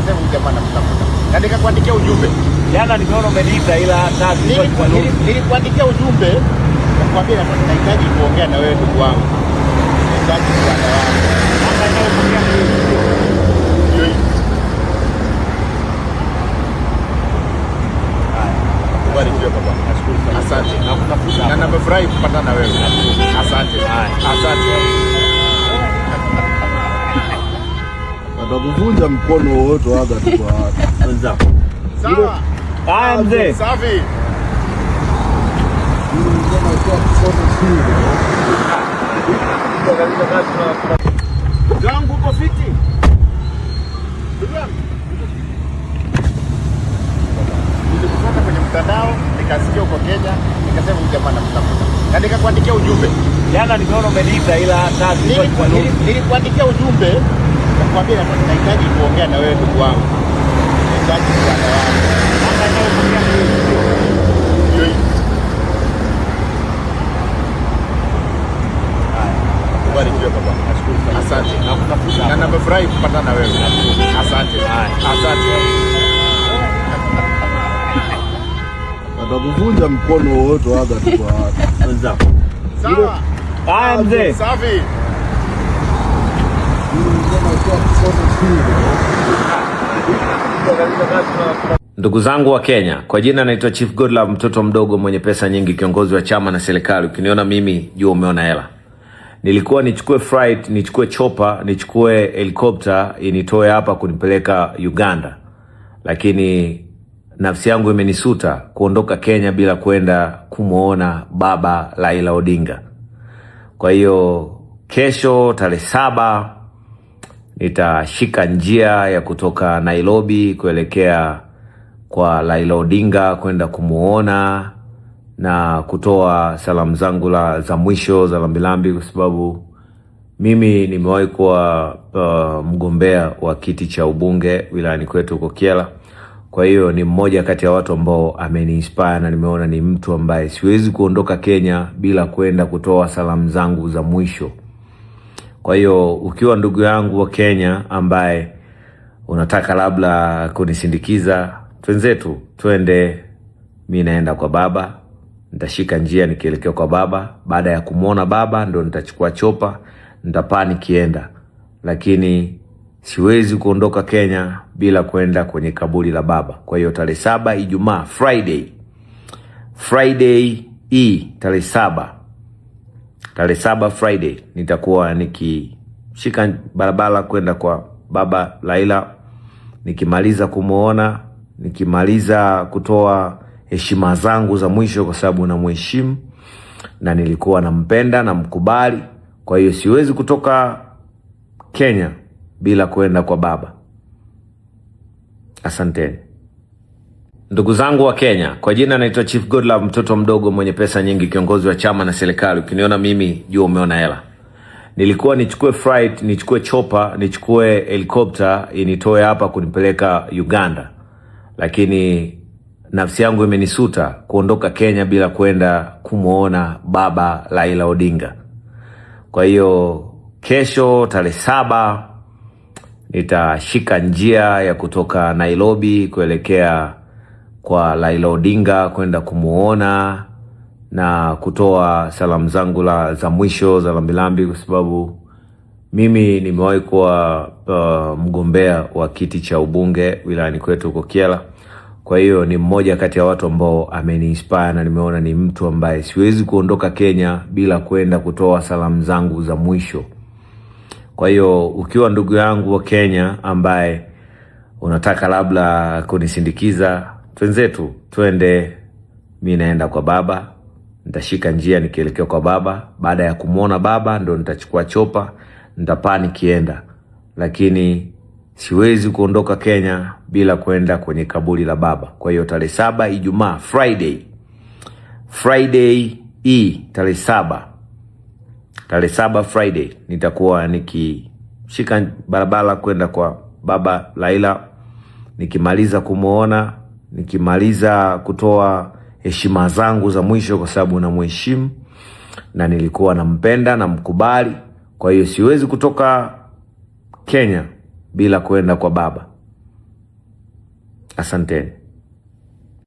nikasema huyu jamaa namtafuta, na nikakuandikia ujumbe jana. Nimeona umeniita ila nilikuandikia ujumbe nakwambia, nahitaji kuongea na wewe ndugu wangu, Asante. Na nimefurahi kupatana na wewe. Asante. Asante. atakuvunja mkono wote waga tu kwa wenzako. Sawa. Haya ah, mzee. Safi. Gangu uko fiti? Nilikufuata kwenye mtandao nikasikia uko Kenya, nikasema huyu na namtafuta, na nikakuandikia ujumbe jana. Nimeona umeniita ila nilikuandikia ujumbe nakwambia nahitaji kuongea na wewe ndugu wangu, nahitaji msaada wako. Asante na nimefurahi kupata na wewe, asante, asante. Atakuvunja mkono wowote, aga tu kwa watu. Sawa. Haya mzee. Safi. Ndugu zangu wa Kenya, kwa jina naitwa Chief Godlove, mtoto mdogo mwenye pesa nyingi, kiongozi wa chama na serikali. Ukiniona mimi jua umeona hela. Nilikuwa nichukue flight, nichukue chopa, nichukue helikopta initoe hapa kunipeleka Uganda, lakini nafsi yangu imenisuta kuondoka Kenya bila kwenda kumwona baba Raila Odinga. Kwa hiyo kesho tarehe saba nitashika njia ya kutoka Nairobi kuelekea kwa Raila Odinga kwenda kumwona na kutoa salamu zangu za mwisho za lambilambi, kwa sababu mimi nimewahi kuwa uh, mgombea wa kiti cha ubunge wilayani kwetu huko Kyela. Kwa hiyo ni mmoja kati ya watu ambao ameniinspire na nimeona ni mtu ambaye siwezi kuondoka Kenya bila kwenda kutoa salamu zangu za mwisho. Kwa hiyo ukiwa ndugu yangu wa Kenya ambaye unataka labda kunisindikiza, twenzetu twende. Mi naenda kwa baba, nitashika njia nikielekea kwa baba. Baada ya kumwona baba, ndo nitachukua chopa, nitapaa nikienda, lakini siwezi kuondoka Kenya bila kwenda kwenye kaburi la baba. Kwa hiyo tarehe saba, Ijumaa, Friday, Friday hii e, tarehe saba tarehe saba Friday nitakuwa nikishika barabara kwenda kwa baba Laila, nikimaliza kumwona, nikimaliza kutoa heshima zangu za mwisho, kwa sababu namheshimu na nilikuwa nampenda na mkubali Kwa hiyo siwezi kutoka Kenya bila kwenda kwa baba. Asanteni. Ndugu zangu wa Kenya, kwa jina naitwa Chief Godlove, mtoto mdogo mwenye pesa nyingi, kiongozi wa chama na serikali. Ukiniona mimi jua umeona hela. Nilikuwa nichukue flight, nichukue chopa, nichukue helikopta initoe hapa kunipeleka Uganda, lakini nafsi yangu imenisuta kuondoka Kenya bila kwenda kumwona baba Raila Odinga. Kwa hiyo kesho tarehe saba nitashika njia ya kutoka Nairobi kuelekea kwa Raila Odinga kwenda kumwona na kutoa salamu zangu la za mwisho za lambilambi, kwa sababu mimi nimewahi kuwa uh, mgombea wa kiti cha ubunge wilayani kwetu huko Kyela. Kwa hiyo ni mmoja kati ya watu ambao ameniinspire na nimeona ni mtu ambaye siwezi kuondoka Kenya bila kwenda kutoa salamu zangu za mwisho. Kwa hiyo ukiwa ndugu yangu wa Kenya ambaye unataka labda kunisindikiza twenzetu, twende. Mi naenda kwa baba, nitashika njia nikielekea kwa baba. Baada ya kumwona baba, ndo nitachukua chopa, nitapaa nikienda, lakini siwezi kuondoka Kenya bila kwenda kwenye kaburi la baba. Kwa hiyo tarehe saba, Ijumaa, Friday, Friday hii e, tarehe saba, tarehe saba Friday nitakuwa nikishika barabara kwenda kwa baba Laila, nikimaliza kumwona nikimaliza kutoa heshima zangu za mwisho, kwa sababu namheshimu na nilikuwa nampenda mkubali Kwa hiyo siwezi kutoka Kenya bila kwenda kwa baba. Asanteni.